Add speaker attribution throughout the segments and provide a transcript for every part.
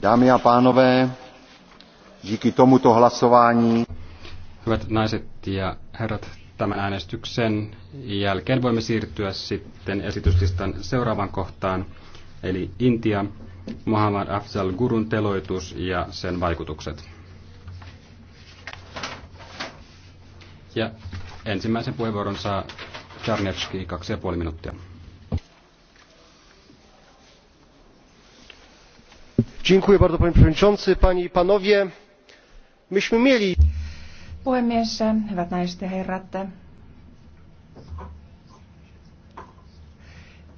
Speaker 1: Dámy a pánové, díky tomuto hlasování. Hyvät naiset ja herrat, tämän äänestyksen jälkeen voimme siirtyä sitten esityslistan seuraavaan kohtaan, eli Intia, Muhammad Afzal Gurun teloitus ja sen vaikutukset. Ja ensimmäisen puheenvuoron saa Czarnecki, kaksi ja puoli minuuttia. panie przewodniczący! panie i panowie! myśmy mieli. puhemies
Speaker 2: hyvät naiset ja herrat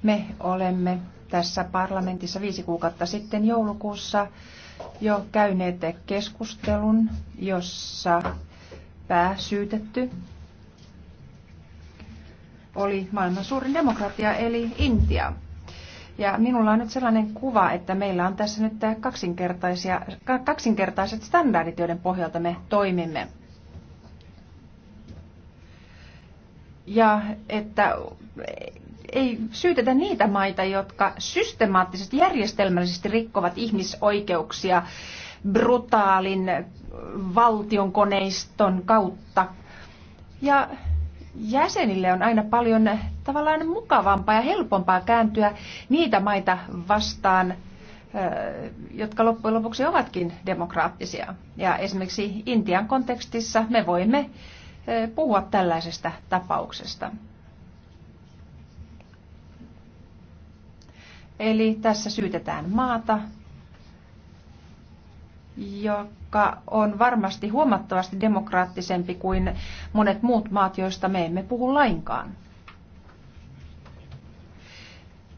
Speaker 2: me olemme tässä parlamentissa viisi kuukautta sitten joulukuussa jo käyneet keskustelun jossa pääsyytetty oli maailman suurin demokratia eli Intia. Ja minulla on nyt sellainen kuva, että meillä on tässä nyt kaksinkertaisia, kaksinkertaiset standardit, joiden pohjalta me toimimme. Ja että ei syytetä niitä maita, jotka systemaattisesti, järjestelmällisesti rikkovat ihmisoikeuksia brutaalin valtionkoneiston kautta. Ja jäsenille on aina paljon tavallaan mukavampaa ja helpompaa kääntyä niitä maita vastaan, jotka loppujen lopuksi ovatkin demokraattisia. Ja esimerkiksi Intian kontekstissa me voimme puhua tällaisesta tapauksesta. Eli tässä syytetään maata, joka joka on varmasti huomattavasti demokraattisempi kuin monet muut maat, joista me emme puhu lainkaan.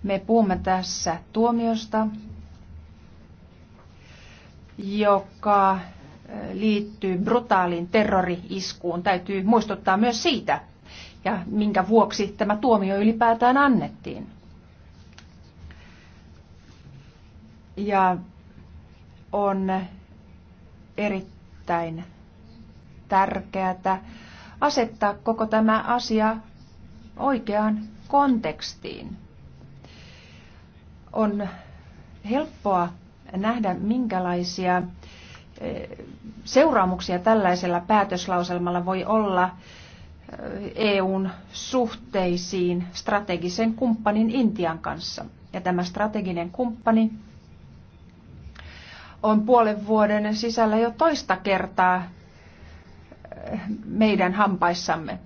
Speaker 2: Me puhumme tässä tuomiosta, joka liittyy brutaaliin terrori-iskuun. Täytyy muistuttaa myös siitä, ja minkä vuoksi tämä tuomio ylipäätään annettiin. Ja on erittäin tärkeää asettaa koko tämä asia oikeaan kontekstiin. On helppoa nähdä, minkälaisia eh, seuraamuksia tällaisella päätöslauselmalla voi olla eh, EUn suhteisiin strategisen kumppanin Intian kanssa. Ja tämä strateginen kumppani on puolen vuoden sisällä jo toista kertaa eh, meidän hampaissamme.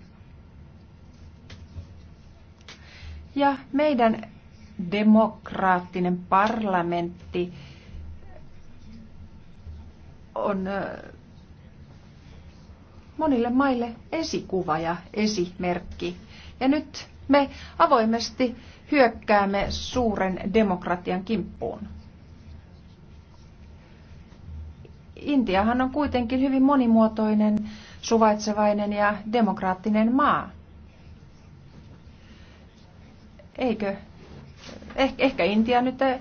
Speaker 2: Ja meidän demokraattinen parlamentti on eh, monille maille esikuva ja esimerkki. Ja nyt me avoimesti hyökkäämme suuren demokratian kimppuun. Intiahan on kuitenkin hyvin monimuotoinen, suvaitsevainen ja demokraattinen maa. Eikö? Eh, ehkä Intia nyt eh,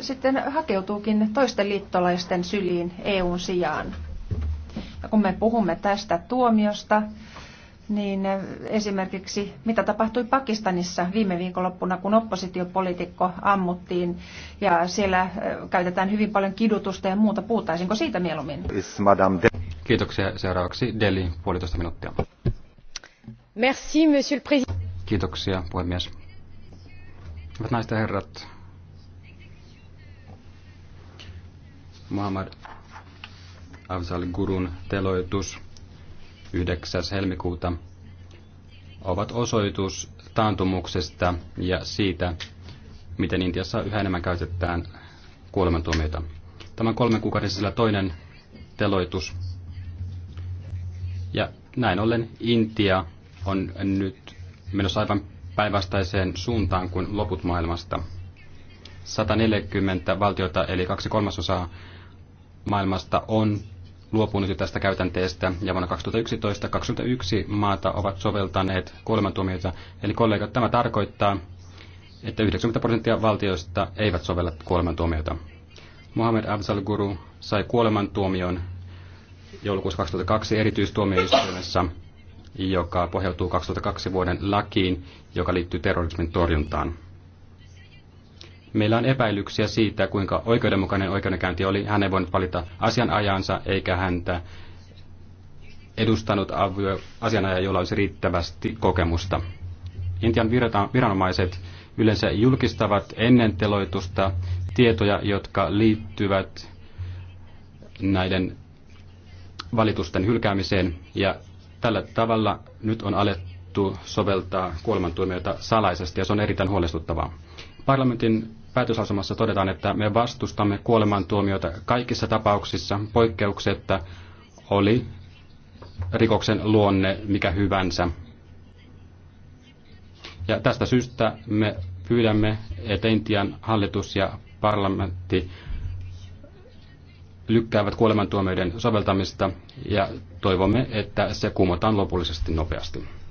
Speaker 2: sitten hakeutuukin toisten liittolaisten syliin EUn sijaan. Ja kun me puhumme tästä tuomiosta, niin eh, esimerkiksi mitä tapahtui Pakistanissa viime viikonloppuna, kun oppositiopolitiikko ammuttiin ja siellä eh, käytetään hyvin paljon kidutusta ja muuta. Puutaisinko siitä mieluummin?
Speaker 1: Kiitoksia. Seuraavaksi Deli, puolitoista minuuttia.
Speaker 3: Merci, monsieur le président.
Speaker 1: Kiitoksia, puhemies. Hyvät naiset ja herrat, Muhammad Afzal Gurun teloitus – 9. helmikuuta ovat osoitus taantumuksesta ja siitä, miten Intiassa yhä enemmän käytetään kuolemantuomioita. Tämän kolmen kuukauden sisällä toinen teloitus. Ja näin ollen Intia on nyt menossa aivan päinvastaiseen suuntaan kuin loput maailmasta. 140 valtiota eli kaksi kolmasosaa maailmasta on luopunut tästä käytänteestä ja vuonna 2011 21 maata ovat soveltaneet kuolemantuomioita. Eli kollegat, tämä tarkoittaa, että 90 prosenttia valtioista eivät sovella kuolemantuomioita. Mohamed Afzal Guru sai kuolemantuomion joulukuussa 2002 erityistuomioistuimessa, joka pohjautuu 2002 vuoden lakiin, joka liittyy terrorismin torjuntaan meillä on epäilyksiä siitä, kuinka oikeudenmukainen oikeudenkäynti oli. Hän ei voinut valita asianajansa eikä häntä edustanut asianajaja, jolla olisi riittävästi kokemusta. Intian viranomaiset yleensä julkistavat ennen teloitusta tietoja, jotka liittyvät näiden valitusten hylkäämiseen. Ja tällä tavalla nyt on alettu soveltaa kuolemantuomioita salaisesti ja se on erittäin huolestuttavaa. Parlamentin päätösasemassa todetaan, että me vastustamme kuolemantuomioita kaikissa tapauksissa poikkeuksetta oli rikoksen luonne mikä hyvänsä. Ja tästä syystä me pyydämme, että Intian hallitus ja parlamentti lykkäävät kuolemantuomioiden soveltamista ja toivomme, että se kumotaan lopullisesti nopeasti.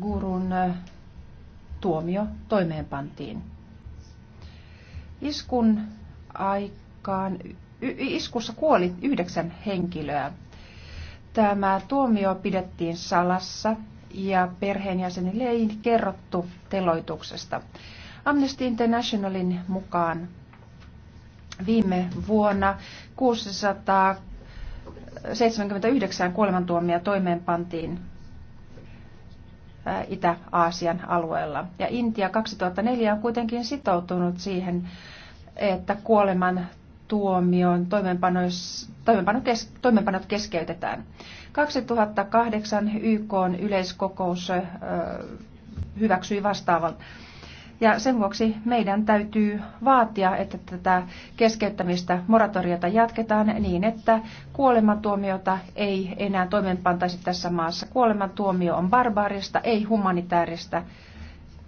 Speaker 2: gurun tuomio toimeenpantiin. Iskun aikaan, iskussa kuoli yhdeksän henkilöä. Tämä tuomio pidettiin salassa ja perheenjäsenille ei kerrottu teloituksesta. Amnesty Internationalin mukaan viime vuonna 679 kuolemantuomia toimeenpantiin Itä-Aasian alueella. Ja Intia 2004 on kuitenkin sitoutunut siihen, että kuoleman tuomion toimeenpanot keskeytetään. 2008 YK yleiskokous hyväksyi vastaavan ja sen vuoksi meidän täytyy vaatia, että tätä keskeyttämistä moratoriota jatketaan niin, että kuolemantuomiota ei enää toimeenpantaisi tässä maassa. Kuolemantuomio on barbaarista, ei humanitaarista.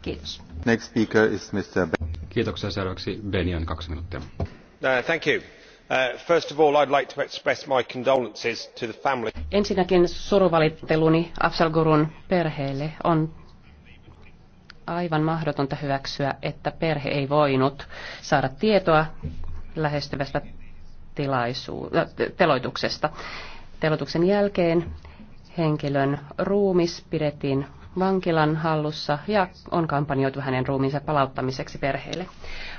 Speaker 1: Kiitos. Next speaker is Mr. Ben. Kiitoksia. Seuraavaksi Benian kaksi minuuttia. Uh, thank you. Uh, first of all, I'd like to express my condolences to the family.
Speaker 4: Ensinnäkin suruvalitteluni Afsal Gurun perheelle on aivan mahdotonta hyväksyä, että perhe ei voinut saada tietoa lähestyvästä tilaisu- äh, teloituksesta. Teloituksen jälkeen henkilön ruumis pidettiin vankilan hallussa ja on kampanjoitu hänen ruumiinsa palauttamiseksi perheelle.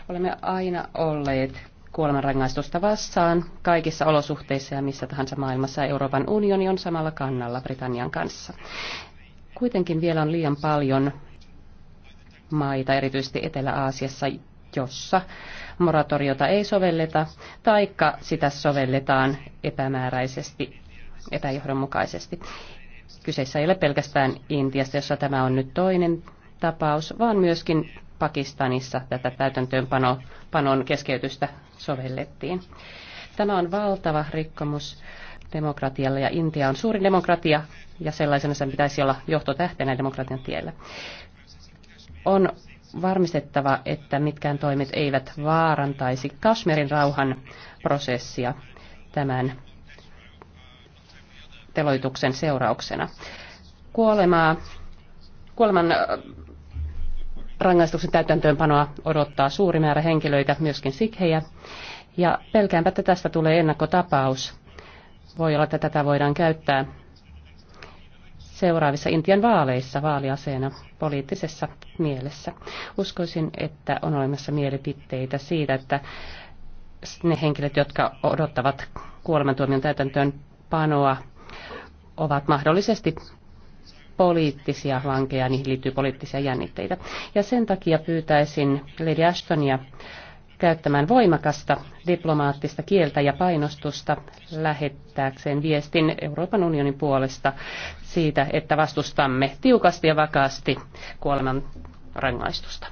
Speaker 4: Olemme aina olleet kuolemanrangaistusta vastaan kaikissa olosuhteissa ja missä tahansa maailmassa Euroopan unioni on samalla kannalla Britannian kanssa. Kuitenkin vielä on liian paljon maita, erityisesti Etelä-Aasiassa, jossa moratoriota ei sovelleta, taikka sitä sovelletaan epämääräisesti, epäjohdonmukaisesti. Kyseessä ei ole pelkästään Intiassa, jossa tämä on nyt toinen tapaus, vaan myöskin Pakistanissa tätä täytäntöönpanon keskeytystä sovellettiin. Tämä on valtava rikkomus demokratialle ja Intia on suuri demokratia ja sellaisena sen pitäisi olla johtotähtenä demokratian tiellä. On varmistettava, että mitkään toimet eivät vaarantaisi Kashmirin rauhan prosessia tämän teloituksen seurauksena. Kuolemaa, kuoleman rangaistuksen täytäntöönpanoa odottaa suuri määrä henkilöitä, myöskin sikhejä. Ja pelkäänpä, että tästä tulee ennakkotapaus. Voi olla, että tätä voidaan käyttää seuraavissa Intian vaaleissa vaaliaseena poliittisessa mielessä. Uskoisin, että on olemassa mielipiteitä siitä, että ne henkilöt, jotka odottavat kuolemantuomion täytäntöön panoa, ovat mahdollisesti poliittisia vankeja, niihin liittyy poliittisia jännitteitä. Ja sen takia pyytäisin Lady Ashtonia käyttämään voimakasta diplomaattista kieltä ja painostusta lähettääkseen viestin Euroopan unionin puolesta siitä, että vastustamme tiukasti ja vakaasti kuoleman
Speaker 1: rangaistusta.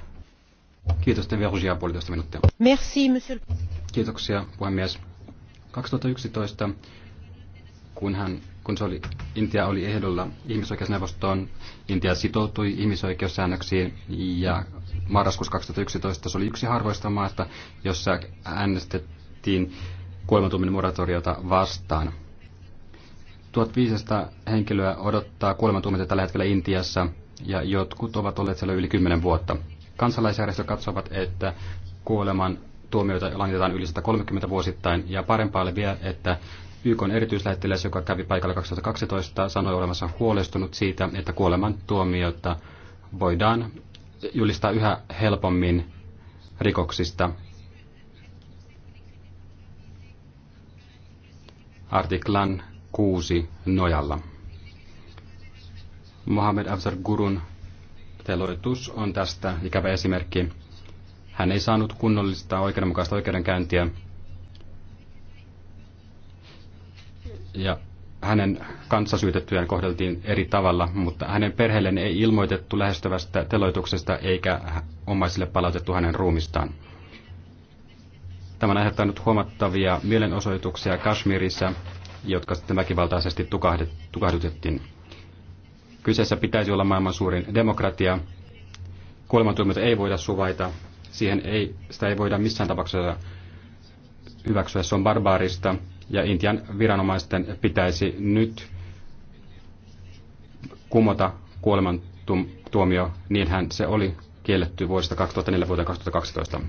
Speaker 1: Kiitos, Tevia Rusia, puolitoista minuuttia. Merci, monsieur. Kiitoksia, puhemies. 2011, kun hän kun se oli, Intia oli ehdolla ihmisoikeusneuvostoon, Intia sitoutui ihmisoikeussäännöksiin ja marraskuussa 2011 se oli yksi harvoista maasta, jossa äänestettiin kuolemantuomioiden moratoriota vastaan. 1500 henkilöä odottaa kuolemantuomioita tällä hetkellä Intiassa ja jotkut ovat olleet siellä yli 10 vuotta. Kansalaisjärjestöt katsovat, että kuoleman tuomioita langitetaan yli 130 vuosittain ja parempaa oli vielä, että YK on erityislähettiläs, joka kävi paikalla 2012, sanoi olemassa huolestunut siitä, että kuolemantuomiota voidaan julistaa yhä helpommin rikoksista. Artiklan 6 nojalla. Mohamed Afzar Gurun teloitus on tästä ikävä esimerkki. Hän ei saanut kunnollista oikeudenmukaista oikeudenkäyntiä ja hänen kanssasyytettyjään kohdeltiin eri tavalla, mutta hänen perheelleen ei ilmoitettu lähestyvästä teloituksesta eikä omaisille palautettu hänen ruumistaan. Tämä on aiheuttanut huomattavia mielenosoituksia Kashmirissa, jotka sitten väkivaltaisesti tukahdutettiin. Kyseessä pitäisi olla maailman suurin demokratia. Kuolemantuomiota ei voida suvaita. Siihen ei, sitä ei voida missään tapauksessa hyväksyä. Se on barbaarista ja Intian viranomaisten pitäisi nyt kumota kuolemantuomio, niinhän se oli kielletty vuodesta 2004 vuoteen 2012.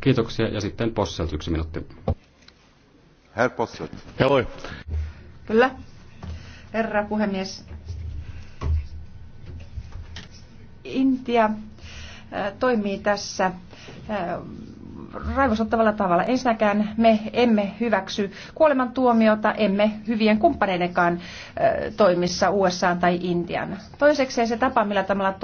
Speaker 1: Kiitoksia ja sitten Posselt yksi minuutti. Herr Posselt. Hello.
Speaker 2: Kyllä. Herra puhemies. Intia eh, toimii tässä eh, raivosottavalla tavalla. Ensinnäkään me emme hyväksy kuolemantuomiota, emme hyvien kumppaneidenkaan toimissa USA tai Intian. Toiseksi se tapa, millä tämä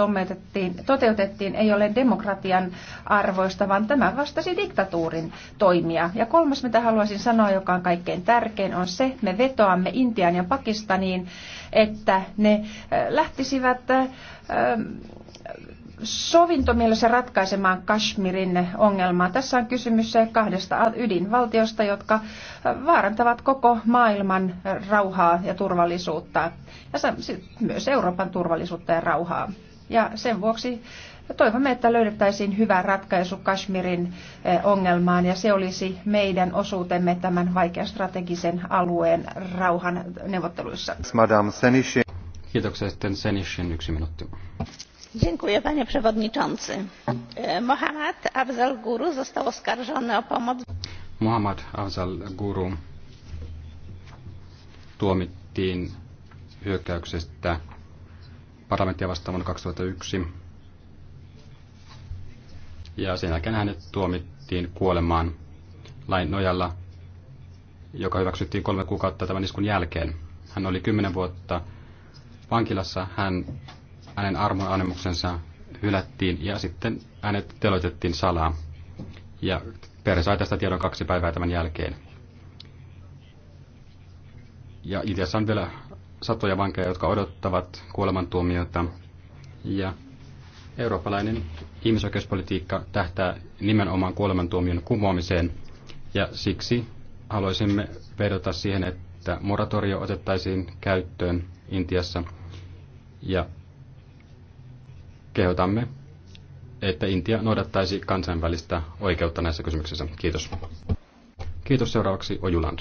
Speaker 2: toteutettiin, ei ole demokratian arvoista, vaan tämä vastasi diktatuurin toimia. Ja kolmas, mitä haluaisin sanoa, joka on kaikkein tärkein, on se, me vetoamme Intian ja Pakistaniin, että ne lähtisivät sovintomielessä ratkaisemaan Kashmirin ongelmaa. Tässä on kysymys kahdesta ydinvaltiosta, jotka vaarantavat koko maailman rauhaa ja turvallisuutta, ja myös Euroopan turvallisuutta ja rauhaa. Ja sen vuoksi toivomme, että löydettäisiin hyvä ratkaisu Kashmirin eh, ongelmaan, ja se olisi meidän osuutemme tämän vaikean strategisen alueen rauhan neuvotteluissa.
Speaker 1: Kiitoksia sitten Senishin yksi minuutti
Speaker 5: panie przewodniczący! E, mohammad afzal guru został oskarżony o pomoc.
Speaker 1: mohammad afzal guru tuomittiin hyökkäyksestä parlamenttia vastaan vuonna 2001. Ja sen jälkeen hänet tuomittiin kuolemaan lain nojalla, joka hyväksyttiin kolme kuukautta tämän iskun jälkeen. Hän oli kymmenen vuotta vankilassa. Hän hänen armon hylättiin ja sitten hänet teloitettiin salaa. Ja perhe sai tästä tiedon kaksi päivää tämän jälkeen. Ja Italiassa on vielä satoja vankeja, jotka odottavat kuolemantuomiota. Ja
Speaker 6: eurooppalainen
Speaker 1: ihmisoikeuspolitiikka tähtää nimenomaan kuolemantuomion kumoamiseen. Ja siksi haluaisimme vedota siihen, että moratorio otettaisiin käyttöön Intiassa. Ja kehotamme, että Intia noudattaisi kansainvälistä oikeutta näissä kysymyksissä. Kiitos. Kiitos seuraavaksi Ojuland.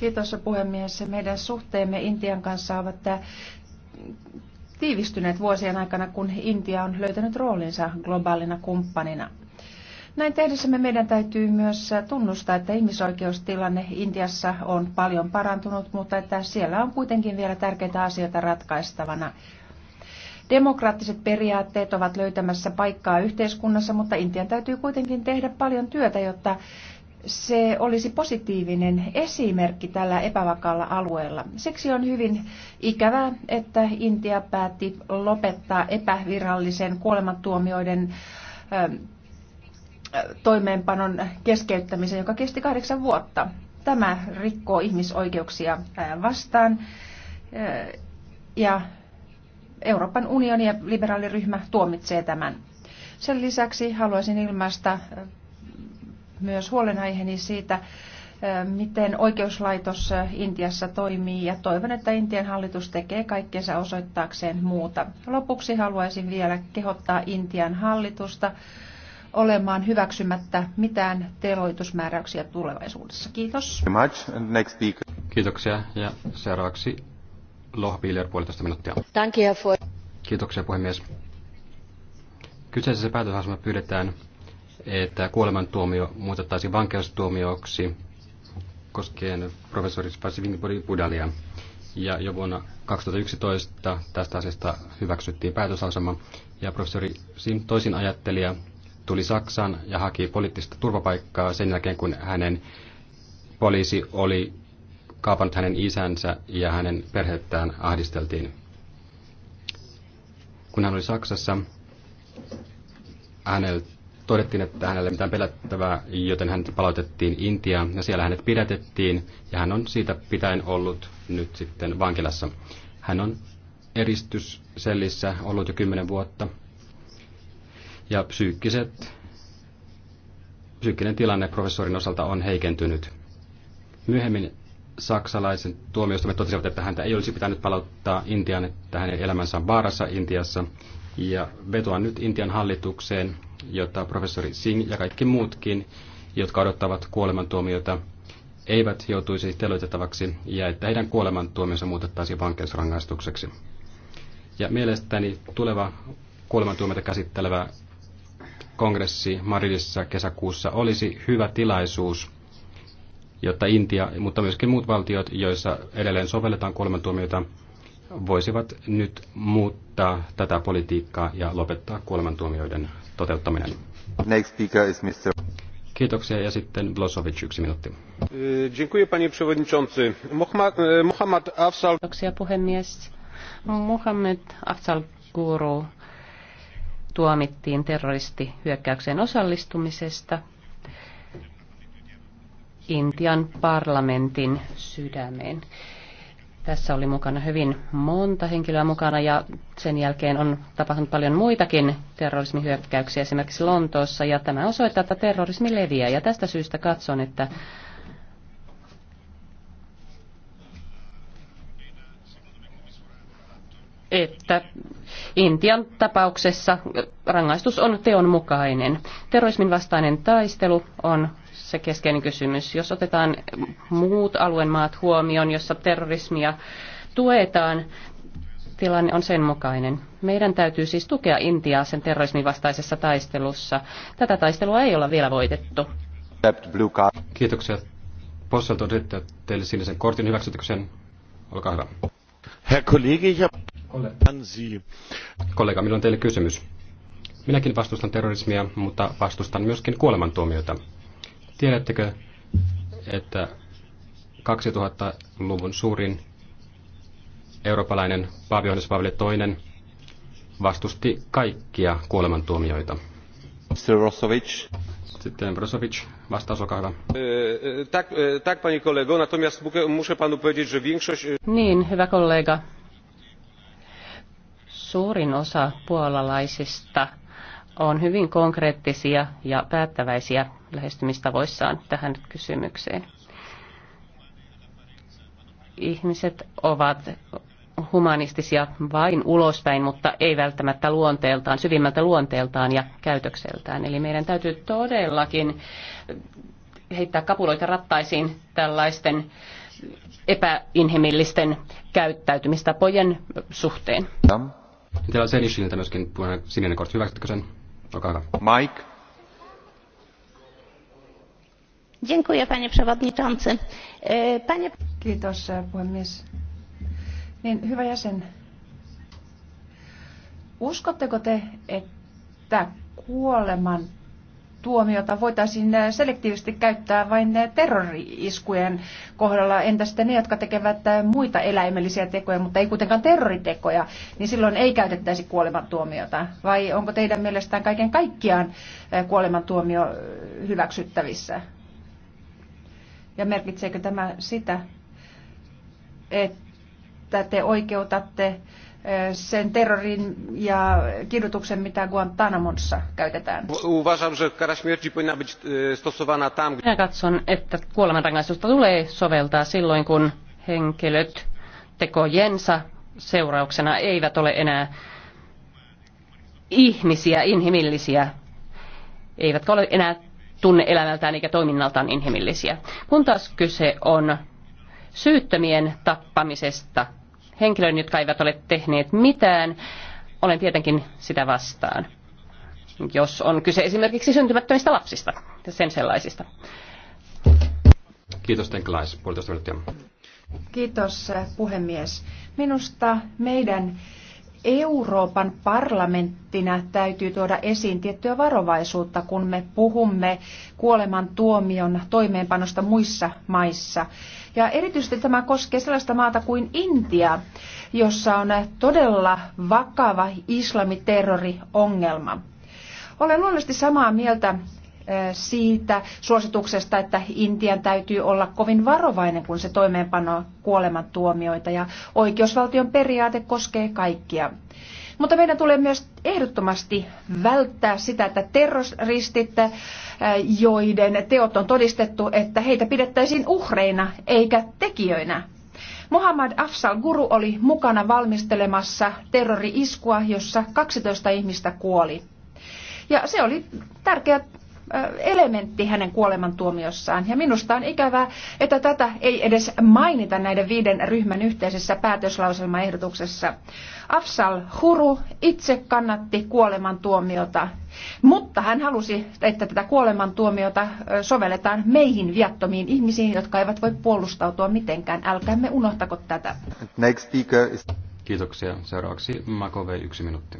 Speaker 2: Kiitos puhemies. Meidän suhteemme Intian kanssa ovat äh, tiivistyneet vuosien aikana, kun Intia on löytänyt roolinsa globaalina kumppanina. Näin tehdessämme meidän täytyy myös tunnustaa, että ihmisoikeustilanne Intiassa on paljon parantunut, mutta että siellä on kuitenkin vielä tärkeitä asioita ratkaistavana. Demokraattiset periaatteet ovat löytämässä paikkaa yhteiskunnassa, mutta Intian täytyy kuitenkin tehdä paljon työtä, jotta se olisi positiivinen esimerkki tällä epävakaalla alueella. Siksi on hyvin ikävää, että Intia päätti lopettaa epävirallisen kuolemantuomioiden toimeenpanon keskeyttämisen, joka kesti kahdeksan vuotta. Tämä rikkoo ihmisoikeuksia vastaan ja Euroopan unioni ja liberaaliryhmä tuomitsee tämän. Sen lisäksi haluaisin ilmaista myös huolenaiheeni siitä, miten oikeuslaitos Intiassa toimii ja toivon, että Intian hallitus tekee kaikkensa osoittaakseen muuta. Lopuksi haluaisin vielä kehottaa Intian hallitusta olemaan hyväksymättä mitään teloitusmääräyksiä tulevaisuudessa. Kiitos.
Speaker 1: Kiitoksia ja seuraavaksi Lohbiler puolitoista minuuttia. Kiitoksia puhemies. Kyseisessä päätösasemassa pyydetään, että kuolemantuomio muutettaisiin vankeustuomioksi koskien professori Spasivin Budalia. Ja jo vuonna 2011 tästä asiasta hyväksyttiin päätösasema. Ja professori Sim toisin ajattelija tuli Saksaan ja haki poliittista turvapaikkaa sen jälkeen, kun hänen poliisi oli kaapannut hänen isänsä ja hänen perhettään ahdisteltiin. Kun hän oli Saksassa, hänellä todettiin, että hänelle ei mitään pelättävää, joten hänet palautettiin Intiaan ja siellä hänet pidätettiin ja hän on siitä pitäen ollut nyt sitten vankilassa. Hän on eristyssellissä ollut jo kymmenen vuotta ja psyykkiset, psyykkinen tilanne professorin osalta on heikentynyt. Myöhemmin saksalaisen tuomioistuimet totesivat, että häntä ei olisi pitänyt palauttaa Intiaan, että hänen elämänsä on vaarassa Intiassa. Ja vetoan nyt Intian hallitukseen, jotta professori Singh ja kaikki muutkin, jotka odottavat kuolemantuomiota, eivät joutuisi teloitettavaksi ja että heidän kuolemantuomionsa muutettaisiin vankeusrangaistukseksi. Ja mielestäni tuleva kuolemantuomiota käsittelevä kongressi Madridissa kesäkuussa olisi hyvä tilaisuus, jotta Intia, mutta myöskin muut valtiot, joissa edelleen sovelletaan kuolemantuomioita, voisivat nyt muuttaa tätä politiikkaa ja lopettaa kuolemantuomioiden toteuttaminen. Next speaker is Mr. Kiitoksia ja sitten Blosovic yksi minuutti.
Speaker 6: Dziękuję panie
Speaker 4: Kiitoksia puhemies. Muhammad Afsal Guru tuomittiin terroristihyökkäykseen osallistumisesta Intian parlamentin sydämeen. Tässä oli mukana hyvin monta henkilöä mukana ja sen jälkeen on tapahtunut paljon muitakin terrorismihyökkäyksiä esimerkiksi Lontoossa ja tämä osoittaa, että terrorismi leviää ja tästä syystä katson, että että Intian tapauksessa rangaistus on teon mukainen. Terrorismin vastainen taistelu on se keskeinen kysymys. Jos otetaan muut alueen maat huomioon, jossa terrorismia tuetaan, tilanne on sen mukainen. Meidän täytyy siis tukea Intiaa sen terrorismin vastaisessa taistelussa. Tätä taistelua ei olla vielä voitettu.
Speaker 1: Kiitoksia. Posselt on teille sinisen kortin. hyväksytyksen. sen? Olkaa hyvä. Herr Kollege, Kollega, minulla on teille kysymys. Minäkin vastustan terrorismia, mutta vastustan myöskin kuolemantuomioita. Tiedättekö, että 2000-luvun suurin eurooppalainen Paavi Johannes Paavali II vastusti kaikkia kuolemantuomioita. Rosovic. Sitten Brosovic, vastaus olkaa hyvä. E, e, tak, e, tak, pani kolego, natomiast muszę panu powiedzieć, że większość... Niin,
Speaker 4: hyvä kollega. Suurin osa puolalaisista on hyvin konkreettisia ja päättäväisiä lähestymistavoissaan tähän kysymykseen. Ihmiset ovat humanistisia vain ulospäin, mutta ei välttämättä luonteeltaan, syvimmältä luonteeltaan ja käytökseltään. Eli meidän täytyy todellakin heittää kapuloita rattaisiin tällaisten epäinhimillisten käyttäytymistapojen suhteen.
Speaker 1: Täällä on Senishiltä myöskin puhuneen sininen kortti. Hyväksytkö sen? Olkaa hyvä. Mike.
Speaker 2: Dziękuję, panie przewodniczący. E, panie... Kiitos, e, puhemies. Niin, hyvä jäsen. Uskotteko te, että kuoleman tuomiota voitaisiin eh, selektiivisesti käyttää vain eh, terrori-iskujen kohdalla, entä sitten ne, jotka tekevät eh, muita eläimellisiä tekoja, mutta ei kuitenkaan terroritekoja, niin silloin ei käytettäisi kuolemantuomiota? Vai onko teidän mielestään kaiken kaikkiaan kuolemantuomio hyväksyttävissä? Ja merkitseekö tämä sitä, että te oikeutatte sen terrorin
Speaker 4: ja kidutuksen, mitä Guantanamossa käytetään.
Speaker 1: Uważam, że kara śmierci powinna być e, stosowana tam. Minä
Speaker 4: katson, että kuolemanrangaistusta tulee soveltaa silloin, kun henkilöt tekojensa seurauksena eivät ole enää ihmisiä, inhimillisiä, eivätkä ole enää tunne elämältään eikä toiminnaltaan inhimillisiä. Kun taas kyse on syyttömien tappamisesta henkilöön, jotka eivät ole tehneet mitään, olen tietenkin sitä vastaan. Jos on kyse esimerkiksi syntymättömistä lapsista ja sen sellaisista.
Speaker 1: Kiitos Tenklais, puolitoista minuuttia.
Speaker 2: Kiitos eh, puhemies. Minusta meidän Euroopan parlamenttina täytyy tuoda esiin tiettyä varovaisuutta, kun me puhumme kuolemantuomion toimeenpanosta muissa maissa. Ja erityisesti tämä koskee sellaista maata kuin Intia, jossa on todella vakava islamiterroriongelma. Olen luonnollisesti samaa mieltä siitä suosituksesta, että Intian täytyy olla kovin varovainen, kun se toimeenpano kuolemantuomioita ja oikeusvaltion periaate koskee kaikkia. Mutta meidän tulee myös ehdottomasti välttää sitä, että terroristit, joiden teot on todistettu, että heitä pidettäisiin uhreina eikä tekijöinä. Muhammad Afsal Guru oli mukana valmistelemassa terrori-iskua, jossa 12 ihmistä kuoli. Ja se oli tärkeä elementti hänen kuolemantuomiossaan. Ja minusta on ikävää, että tätä ei edes mainita näiden viiden ryhmän yhteisessä päätöslauselmaehdotuksessa. Afsal Huru itse kannatti kuolemantuomiota, mutta hän halusi, että tätä kuolemantuomiota sovelletaan meihin viattomiin ihmisiin, jotka eivät voi puolustautua mitenkään.
Speaker 4: Älkäämme unohtako tätä.
Speaker 1: Next speaker is... Kiitoksia. Seuraavaksi Makove yksi minuutti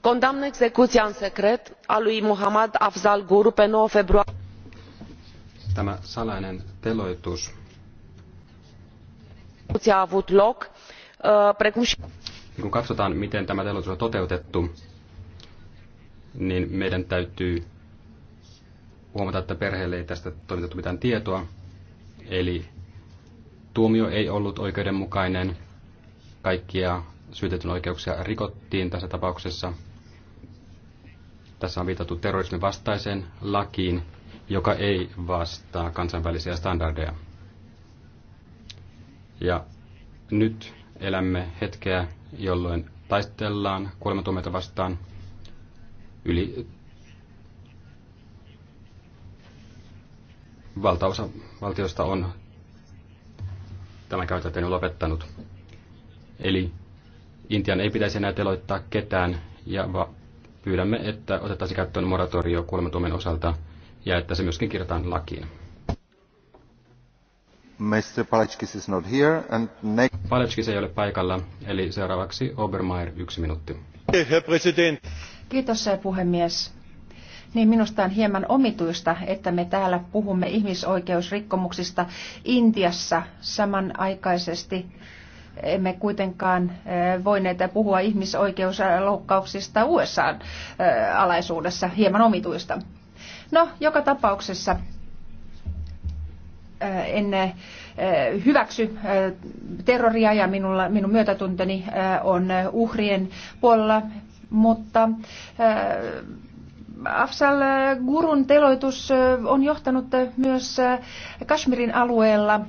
Speaker 4: condamn execuția în secret a lui
Speaker 3: muhammad afzal guru pe 9 februarie.
Speaker 1: Tämä salainen teloitus
Speaker 5: a avut loc, uh, precum și...
Speaker 1: Kun katsotaan, miten tämä teloitus on toteutettu, niin meidän täytyy huomata, että perheelle ei tästä toimitettu mitään tietoa. Eli tuomio ei ollut oikeudenmukainen. Kaikkia syytetyn oikeuksia rikottiin tässä tapauksessa. Tässä on viitattu terrorismin vastaiseen lakiin, joka ei vastaa kansainvälisiä standardeja. Ja nyt elämme hetkeä, jolloin taistellaan kuolemantuomioita vastaan yli valtaosa valtiosta on tämän käytänteen lopettanut. Eli Intian ei pitäisi enää teloittaa ketään ja va- pyydämme, että otettaisiin käyttöön moratorio kuolemantuomion osalta ja että se myöskin kirjataan lakiin. Mr. Palechkis is not here and next... Palechkis ei ole paikalla, eli seuraavaksi Obermeier yksi minuutti.
Speaker 2: Kiitos eh, puhemies. Niin minusta on hieman omituista, että me täällä puhumme ihmisoikeusrikkomuksista Intiassa samanaikaisesti emme kuitenkaan eh, voineet puhua ihmisoikeusloukkauksista USA-alaisuudessa, eh, hieman omituista. No, joka tapauksessa eh, en hyväksy terroria ja minulla, minun myötätunteni on uhrien puolella, mutta Afsal Gurun teloitus on johtanut myös Kashmirin alueella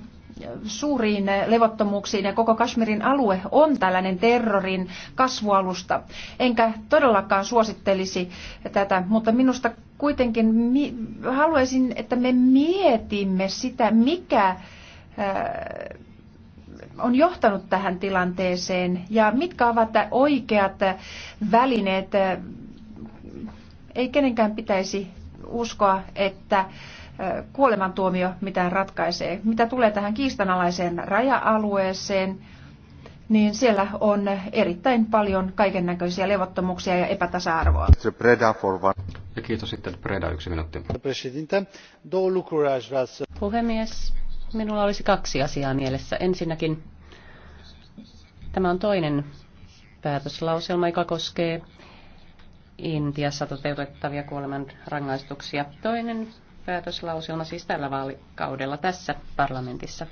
Speaker 2: suuriin levottomuuksiin ja koko Kashmirin alue on tällainen terrorin kasvualusta. Enkä todellakaan suosittelisi tätä, mutta minusta kuitenkin haluaisin, että me mietimme sitä, mikä on johtanut tähän tilanteeseen ja mitkä ovat oikeat välineet. Ei kenenkään pitäisi uskoa, että kuolemantuomio mitä ratkaisee. Mitä tulee tähän kiistanalaiseen raja-alueeseen, niin siellä on erittäin paljon kaikennäköisiä levottomuuksia ja epätasa-arvoa.
Speaker 1: Ja kiitos sitten Preda, yksi minuutti. Puhemies,
Speaker 4: minulla olisi kaksi asiaa mielessä. Ensinnäkin tämä on toinen päätöslauselma, joka koskee Intiassa toteutettavia kuoleman rangaistuksia. Toinen päätöslauselma siis tällä vaalikaudella tässä parlamentissa.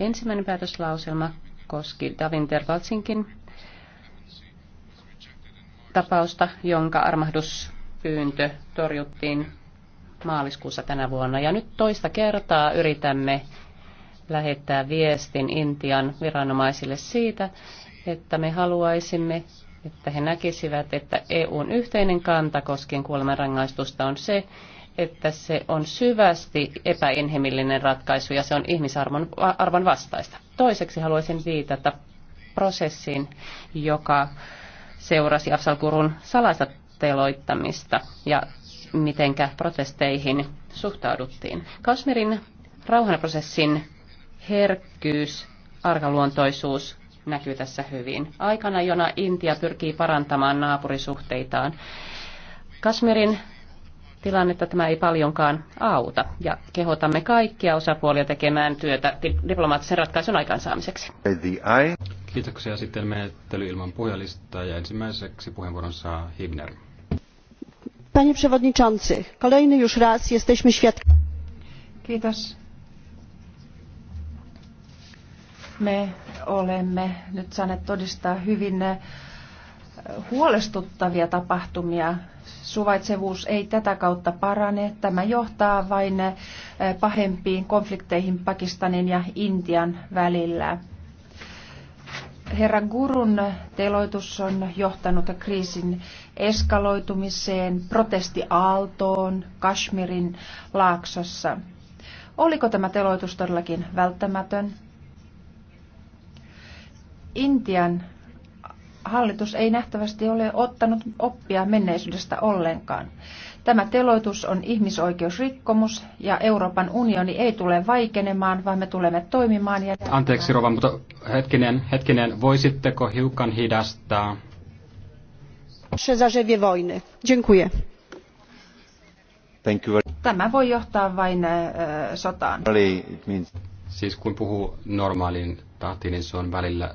Speaker 4: Ensimmäinen päätöslauselma koski Davin Tervaltsinkin tapausta, jonka armahduspyyntö torjuttiin maaliskuussa tänä vuonna. Ja nyt toista kertaa yritämme lähettää viestin Intian viranomaisille siitä, että me haluaisimme, että he näkisivät, että EUn yhteinen kanta koskien kuolemanrangaistusta on se, että se on syvästi epäinhimillinen ratkaisu ja se on ihmisarvon arvon vastaista. Toiseksi haluaisin viitata prosessiin, joka seurasi Afsalkurun salaista teloittamista ja mitenkä protesteihin suhtauduttiin. Kasmerin rauhanprosessin herkkyys, arkaluontoisuus näkyy tässä hyvin. Aikana, jona Intia pyrkii parantamaan naapurisuhteitaan. Kasmerin tilannetta tämä ei paljonkaan auta. Ja kehotamme kaikkia osapuolia tekemään työtä diplomaattisen ratkaisun aikaansaamiseksi.
Speaker 1: Kiitoksia. Sitten menettely ilman puhujalistaa ja ensimmäiseksi puheenvuoron saa Hibner. Panie przewodniczący, kolejny już raz jesteśmy świadkami. Kiitos.
Speaker 2: Me olemme nyt saaneet todistaa hyvin huolestuttavia tapahtumia. Suvaitsevuus ei tätä kautta parane. Tämä johtaa vain eh, pahempiin konflikteihin Pakistanin ja Intian välillä. Herra Gurun teloitus on johtanut kriisin eskaloitumiseen, protestiaaltoon Kashmirin laaksossa. Oliko tämä teloitus todellakin välttämätön? Intian hallitus ei nähtävästi ole ottanut oppia menneisyydestä ollenkaan. Tämä teloitus on ihmisoikeusrikkomus ja Euroopan unioni ei tule vaikenemaan, vaan me tulemme toimimaan. Ja...
Speaker 1: Anteeksi Rova, mutta hetkinen, hetkinen, voisitteko hiukan hidastaa?
Speaker 2: Tämä voi johtaa vain äh, sotaan.
Speaker 1: Siis kun puhuu normaalin tahtiin, niin se on välillä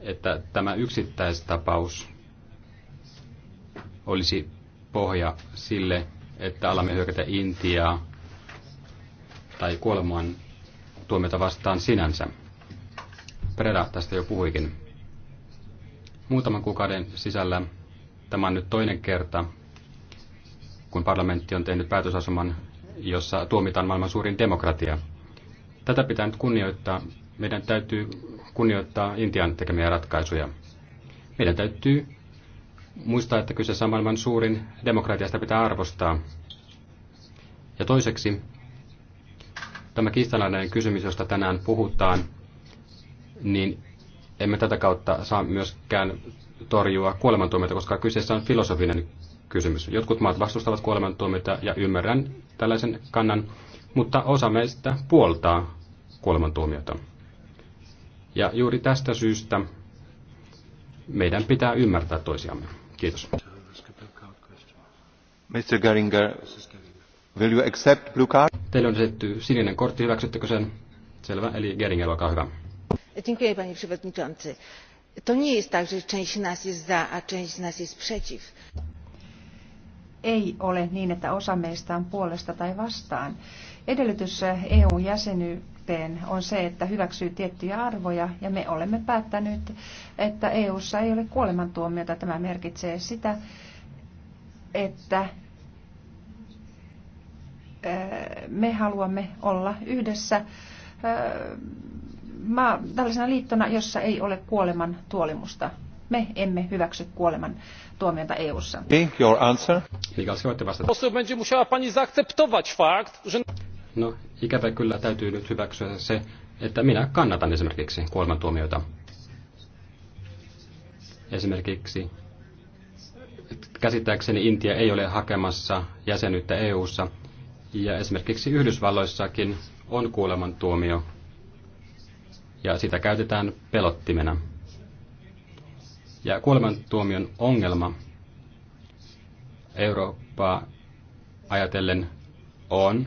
Speaker 1: että tämä yksittäistapaus olisi pohja sille, että alamme hyökätä Intiaa tai kuolemaan tuomita vastaan sinänsä. Preda tästä jo puhuikin. Muutaman kuukauden sisällä tämä on nyt toinen kerta, kun parlamentti on tehnyt päätösasuman, jossa tuomitaan maailman suurin demokratia. Tätä pitää nyt kunnioittaa meidän täytyy kunnioittaa Intian tekemiä ratkaisuja. Meidän täytyy muistaa, että kyseessä on maailman suurin demokratiasta pitää arvostaa. Ja toiseksi, tämä kiistalainen kysymys, josta tänään puhutaan, niin emme tätä kautta saa myöskään torjua kuolemantuomioita, koska kyseessä on filosofinen kysymys. Jotkut maat vastustavat kuolemantuomioita ja ymmärrän tällaisen kannan, mutta osa meistä puoltaa kuolemantuomiota. Ja juuri tästä syystä meidän pitää ymmärtää toisiamme. Kiitos. Mr. Geringer, will you accept blue card? Teille on esitetty sininen kortti, hyväksyttekö sen? Selvä, eli Geringer, olkaa hyvä.
Speaker 5: Dziękuję, panie przewodniczący. To nie jest tak, że część nas jest za, a część nas
Speaker 2: jest przeciw. Ei ole niin, että osa meistä on puolesta tai vastaan. Edellytys eu jäsenyy suhteen on se, että hyväksyy tiettyjä arvoja ja me olemme päättäneet, että EU:ssa ei ole kuolemantuomiota. Tämä merkitsee sitä, että äh, me haluamme olla yhdessä äh, maa, tällaisena liittona, jossa ei ole kuoleman tuolimusta. Me emme hyväksy kuoleman
Speaker 6: tuomiota EU:ssa.
Speaker 1: Your answer. Kiitos, voitte vastata. No, ikävä kyllä täytyy nyt hyväksyä se, että minä kannatan esimerkiksi kuolemantuomioita. Esimerkiksi käsittääkseni Intia ei ole hakemassa jäsenyyttä EU:ssa ja esimerkiksi Yhdysvalloissakin on kuolemantuomio ja sitä käytetään pelottimena. Ja kuolemantuomion ongelma Eurooppaa ajatellen on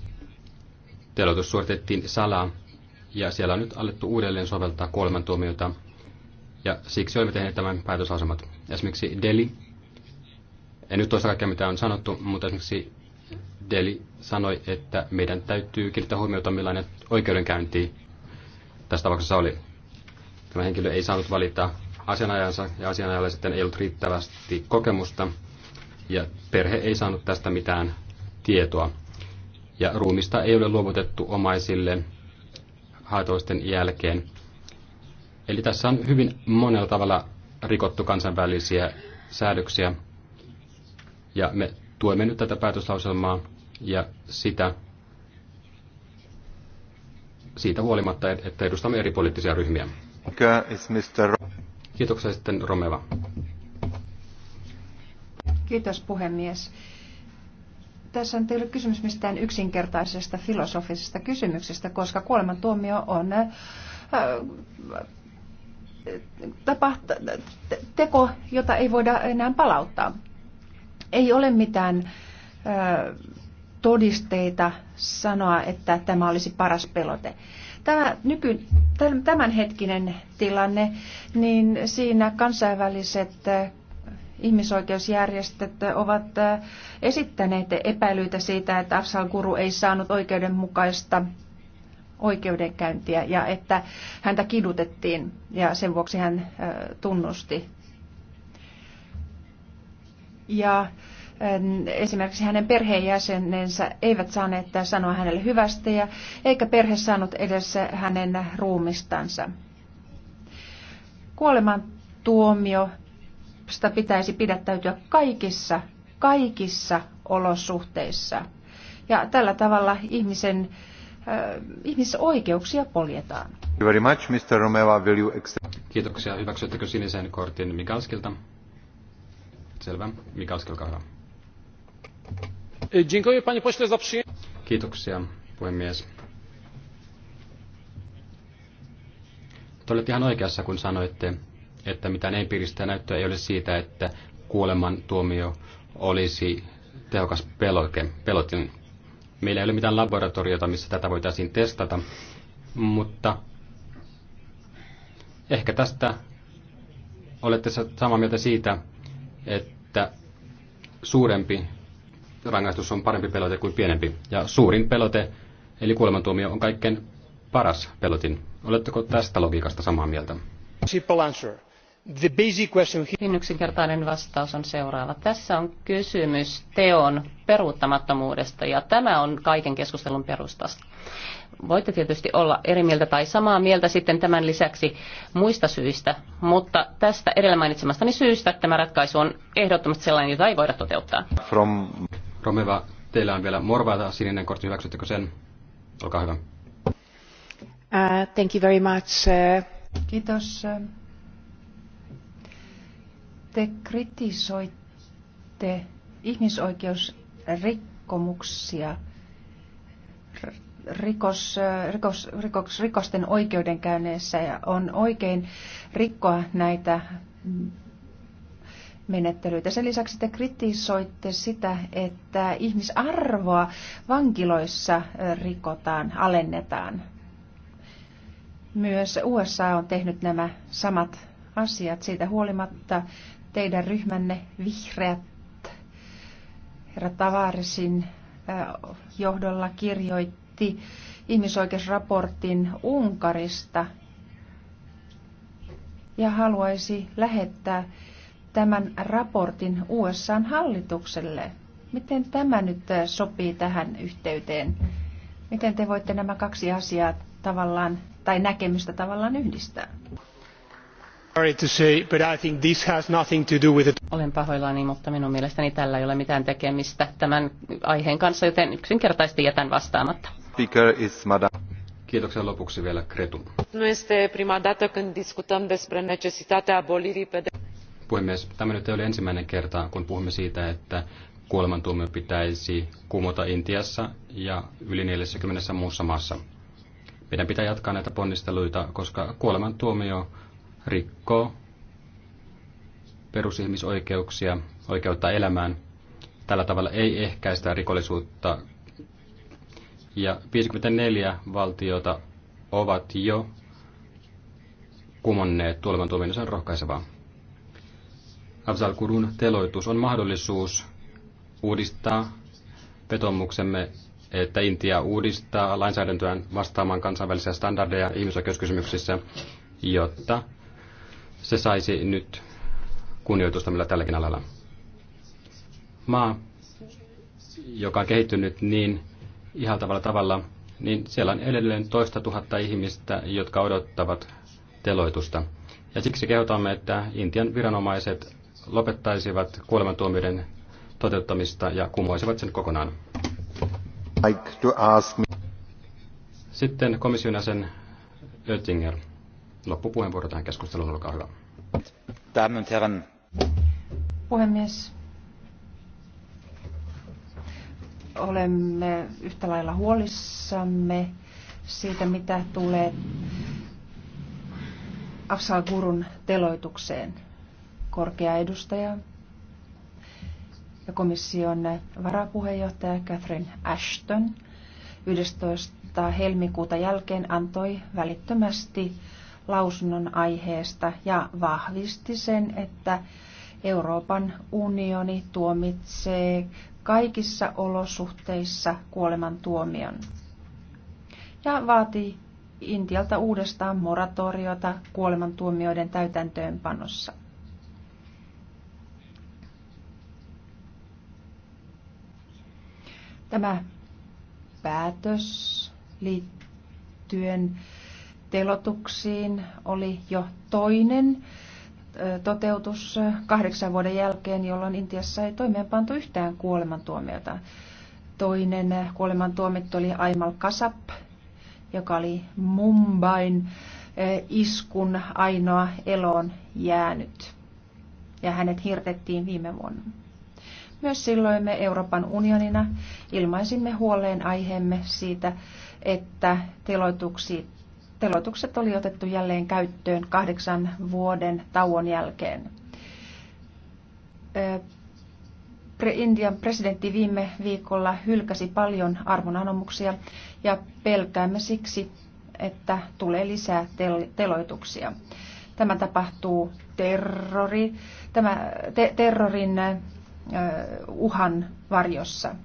Speaker 1: teloitus suoritettiin salaa ja siellä on nyt alettu uudelleen soveltaa kuolemantuomiota ja siksi olemme tehneet tämän päätösasemat. Esimerkiksi Deli, en nyt toista kaikkea mitä on sanottu, mutta esimerkiksi Deli sanoi, että meidän täytyy kiinnittää huomiota millainen oikeudenkäynti tässä tapauksessa oli. Tämä henkilö ei saanut valita asianajansa ja asianajalle sitten ei ollut riittävästi kokemusta ja perhe ei saanut tästä mitään tietoa ja ruumista ei ole luovutettu omaisille haitoisten jälkeen. Eli tässä on hyvin monella tavalla rikottu kansainvälisiä säädöksiä. Ja me tuemme nyt tätä päätöslauselmaa ja sitä siitä huolimatta, että edustamme eri poliittisia ryhmiä. Kiitoksia sitten Romeva.
Speaker 2: Kiitos puhemies tässä on teille kysymys mistään yksinkertaisesta filosofisesta kysymyksestä, koska kuolemantuomio on äh, tapahta, teko, jota ei voida enää palauttaa. Ei ole mitään äh, todisteita sanoa, että tämä olisi paras pelote. Tämä nyky, tämänhetkinen tilanne, niin siinä kansainväliset äh, ihmisoikeusjärjestöt ovat esittäneet epäilyitä siitä, että Afsal Guru ei saanut oikeudenmukaista oikeudenkäyntiä ja että häntä kidutettiin ja sen vuoksi hän tunnusti. Ja esimerkiksi hänen perheenjäsenensä eivät saaneet sanoa hänelle hyvästä ja eikä perhe saanut edes hänen ruumistansa. Kuoleman tuomio sitä pitäisi pidättäytyä kaikissa, kaikissa olosuhteissa. Ja tällä tavalla ihmisen äh, ihmisoikeuksia poljetaan.
Speaker 1: Very much, Mr. Romeva. Will you Kiitoksia. Hyväksyttekö sinisen kortin Mikalskilta? Selvä. Mikalski, olkaa hyvä.
Speaker 6: Dziękuję, panie pośle, za
Speaker 1: Kiitoksia, puhemies. Te olette ihan oikeassa, kun sanoitte, että mitään empiiristä näyttöä ei ole siitä, että kuoleman tuomio olisi tehokas peloke, pelotin. Meillä ei ole mitään laboratoriota, missä tätä voitaisiin testata, mutta ehkä tästä olette samaa mieltä siitä, että suurempi rangaistus on parempi pelote kuin pienempi. Ja suurin pelote, eli kuolemantuomio, on kaikkein paras pelotin. Oletteko tästä logiikasta samaa mieltä? Simple answer. The basic question here... Yksinkertainen
Speaker 4: vastaus on seuraava. Tässä on kysymys teon peruuttamattomuudesta ja tämä on kaiken keskustelun perustasta. Voitte tietysti olla eri mieltä tai samaa mieltä sitten tämän lisäksi muista syistä, mutta tästä edellä mainitsemastani syystä tämä ratkaisu on ehdottomasti sellainen, jota ei voida toteuttaa.
Speaker 1: From... Romeva, teillä on vielä morvaata sininen kortti, hyväksyttekö sen? Olkaa hyvä. Uh,
Speaker 4: thank you very
Speaker 2: much. Uh... Kiitos. Uh te kritisoitte ihmisoikeusrikkomuksia, rikos, rikos, rikos, rikosten oikeudenkäynneissä ja on oikein rikkoa näitä menettelyitä. Sen lisäksi te kritisoitte sitä, että ihmisarvoa vankiloissa rikotaan, alennetaan. Myös USA on tehnyt nämä samat asiat. Siitä huolimatta teidän ryhmänne vihreät herra Tavarsin johdolla kirjoitti ihmisoikeusraportin Unkarista ja haluaisi lähettää tämän raportin USAn hallitukselle. Miten tämä nyt sopii tähän yhteyteen? Miten te voitte nämä kaksi asiaa tavallaan tai näkemystä tavallaan yhdistää?
Speaker 4: Olen pahoillani, mutta minun mielestäni tällä ei ole mitään tekemistä tämän aiheen kanssa, joten yksinkertaisesti jätän vastaamatta.
Speaker 1: Kiitoksia lopuksi vielä Kretu.
Speaker 3: Nu este prima dată când discutăm despre necesitatea abolirii
Speaker 1: Puhemies, tämä nyt ei ole ensimmäinen kerta, kun puhumme siitä, että kuolemantuomio pitäisi kumota Intiassa ja yli 40 muussa maassa. Meidän pitää jatkaa näitä ponnisteluita, koska kuolemantuomio rikkoo perusihmisoikeuksia, oikeutta elämään. Tällä tavalla ei ehkäistä rikollisuutta. Ja 54 valtiota ovat jo kumonneet tuolevan tuomioon rohkaisevaa. Afzal Kurun teloitus on mahdollisuus uudistaa vetomuksemme, että Intia uudistaa lainsäädäntöään vastaamaan kansainvälisiä standardeja ihmisoikeuskysymyksissä, jotta se saisi nyt kunnioitusta millä tälläkin alalla. Maa, joka on kehittynyt niin ihaltavalla tavalla, niin siellä on edelleen toista tuhatta ihmistä, jotka odottavat teloitusta. Ja siksi kehotamme, että Intian viranomaiset lopettaisivat kuolemantuomioiden toteuttamista ja kumoisivat sen kokonaan. Like Sitten komission jäsen Oettinger. Loppupuheenvuoro tähän keskusteluun, olkaa hyvä. Damen herran.
Speaker 2: Puhemies. Olemme yhtä lailla huolissamme siitä, mitä tulee Afsal Gurun teloitukseen. Korkea edustaja ja komission varapuheenjohtaja Catherine Ashton 11. helmikuuta jälkeen antoi välittömästi lausunnon aiheesta ja vahvisti sen, että Euroopan unioni tuomitsee kaikissa olosuhteissa kuolemantuomion ja vaatii Intialta uudestaan moratoriota kuolemantuomioiden täytäntöönpanossa. Tämä päätös liittyen telotuksiin oli jo toinen toteutus kahdeksan vuoden jälkeen, jolloin Intiassa ei toimeenpantu yhtään kuolemantuomiota. Toinen kuolemantuomittu oli Aimal Kasap, joka oli Mumbain iskun ainoa eloon jäänyt. Ja hänet hirtettiin viime vuonna. Myös silloin me Euroopan unionina ilmaisimme huoleen aiheemme siitä, että teloituksiin teloitukset oli otettu jälleen käyttöön kahdeksan vuoden tauon jälkeen. India'n presidentti viime viikolla hylkäsi paljon arvonanomuksia ja pelkäämme siksi, että tulee lisää tel- teloituksia. Tämä tapahtuu terrori, tämä te- terrorin uhan varjossa.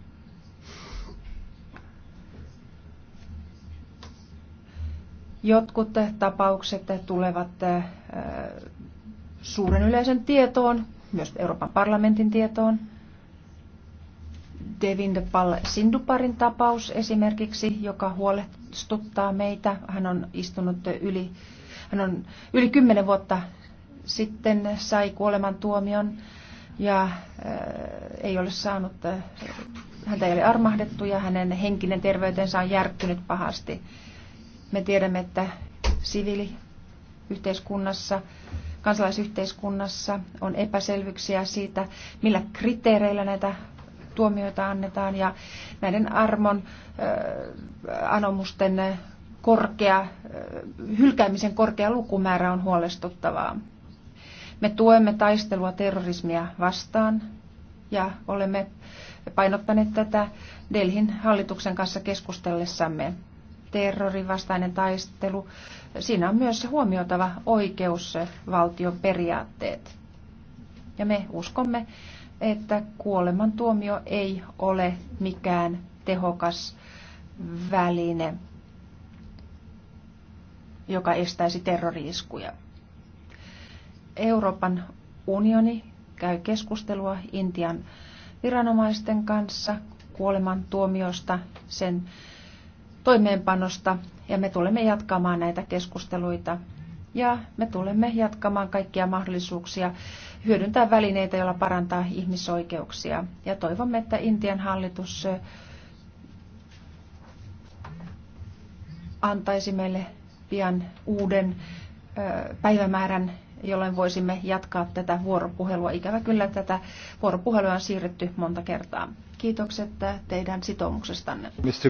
Speaker 2: Jotkut tapaukset tulevat suuren yleisön tietoon, myös Euroopan parlamentin tietoon. Devindepal Sinduparin tapaus esimerkiksi, joka huolestuttaa meitä. Hän on istunut yli, hän on yli kymmenen vuotta sitten sai kuolemantuomion ja äh, ei ole saanut, äh, häntä ei ole armahdettu ja hänen henkinen terveytensä on järkkynyt pahasti. Me tiedämme, että siviiliyhteiskunnassa, kansalaisyhteiskunnassa on epäselvyyksiä siitä, millä kriteereillä näitä tuomioita annetaan ja näiden armon äh, anomusten korkea, äh, hylkäämisen korkea lukumäärä on huolestuttavaa. Me tuemme taistelua terrorismia vastaan ja olemme painottaneet tätä Delhin hallituksen kanssa keskustellessamme terrorin vastainen taistelu. Siinä on myös huomioitava oikeusvaltion periaatteet. Ja me uskomme, että kuolemantuomio ei ole mikään tehokas väline, joka estäisi terroriiskuja. Euroopan unioni käy keskustelua Intian viranomaisten kanssa kuolemantuomiosta, sen toimeenpanosta ja me tulemme jatkamaan näitä keskusteluita ja me tulemme jatkamaan kaikkia mahdollisuuksia hyödyntää välineitä, joilla parantaa ihmisoikeuksia. Ja toivomme, että Intian hallitus antaisi meille pian uuden päivämäärän, jolloin voisimme jatkaa tätä vuoropuhelua. Ikävä kyllä tätä vuoropuhelua on siirretty monta kertaa. Kiitokset teidän sitoumuksestanne.